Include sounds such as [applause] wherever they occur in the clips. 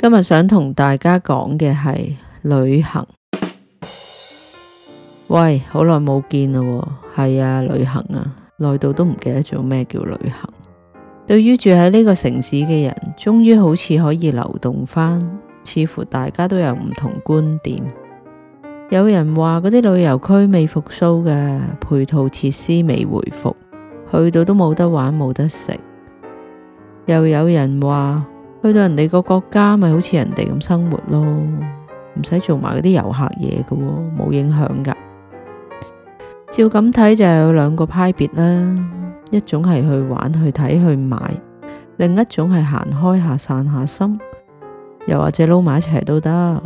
今日想同大家講嘅係旅行。喂，好耐冇見喇喎，係啊，旅行啊，耐到都唔記得做咩叫旅行。對於住喺呢個城市嘅人，終於好似可以流動返，似乎大家都有唔同觀點。有人話嗰啲旅遊區未復甦嘅，配套設施未回復，去到都冇得玩，冇得食。又有人話去到人哋個國家，咪好似人哋咁生活咯，唔使做埋嗰啲遊客嘢嘅，冇影響㗎。照咁睇就有兩個派別啦，一種係去玩去睇去買，另一種係行開下散下心，又或者撈埋一齊都得。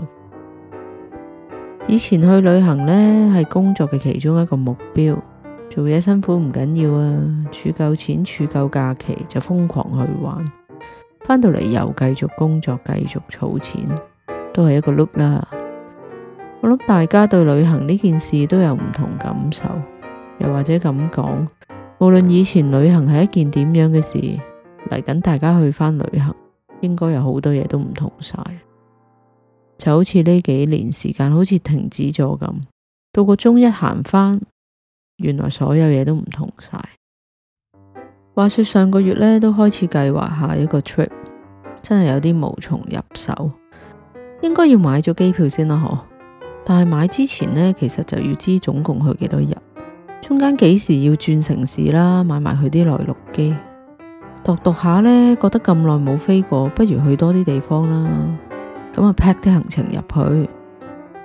以前去旅行呢，係工作嘅其中一個目標。做嘢辛苦唔緊要啊，儲夠錢，儲夠假期就瘋狂去玩，返到嚟又繼續工作，繼續儲錢，都係一個碌啦。我諗大家對旅行呢件事都有唔同感受，又或者咁講，無論以前旅行係一件點樣嘅事，嚟緊大家去返旅行，應該有好多嘢都唔同晒，就好似呢幾年時間好似停止咗咁，到個中一行返。原來所有嘢都唔同晒。話說上個月呢，都開始計劃下一個 trip，真係有啲無從入手。應該要買咗機票先啦，嗬。但係買之前呢，其實就要知總共去幾多日，中間幾時要轉城市啦，買埋佢啲內陸機，度度下呢，覺得咁耐冇飛過，不如去多啲地方啦。咁啊，pack 啲行程入去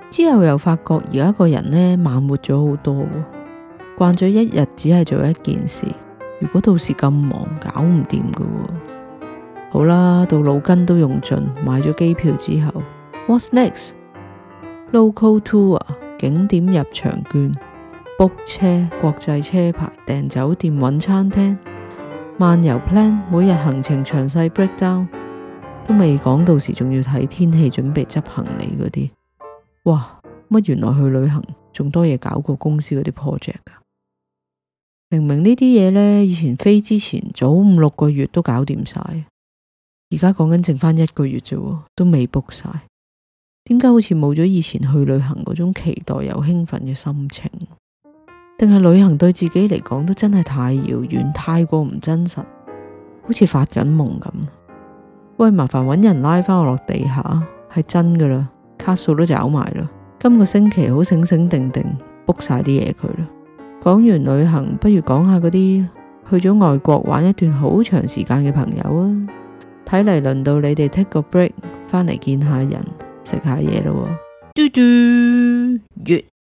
之後，又發覺而家個人呢，慢活咗好多。慣咗一日只係做一件事，如果到時咁忙，搞唔掂㗎喎。好啦，到腦筋都用盡，買咗機票之後，What's next？Local tour 景點入場券，book 車國際車牌，訂酒店搵餐廳，漫遊 plan 每日行程詳細 breakdown 都未講，到時仲要睇天氣，準備執行李嗰啲。哇，乜原來去旅行仲多嘢搞過公司嗰啲 project 啊！明明這些東西呢啲嘢咧，以前飛之前早五六個月都搞掂晒，而家講緊剩返一個月啫，都未 book 晒，點解好似冇咗以前去旅行嗰種期待又興奮嘅心情？定係旅行對自己嚟講都真係太遙遠，太過唔真實，好似發緊夢咁。喂，麻煩搵人拉返我落地下，係真㗎啦，卡數都找埋啦，今個星期好醒醒定定 book 晒啲嘢佢啦。講完旅行，不如講下嗰啲去咗外國玩一段好長時間嘅朋友啊！睇嚟輪到你哋 take 個 break，返嚟見下人，食下嘢咯～嘟嘟月。 [noise]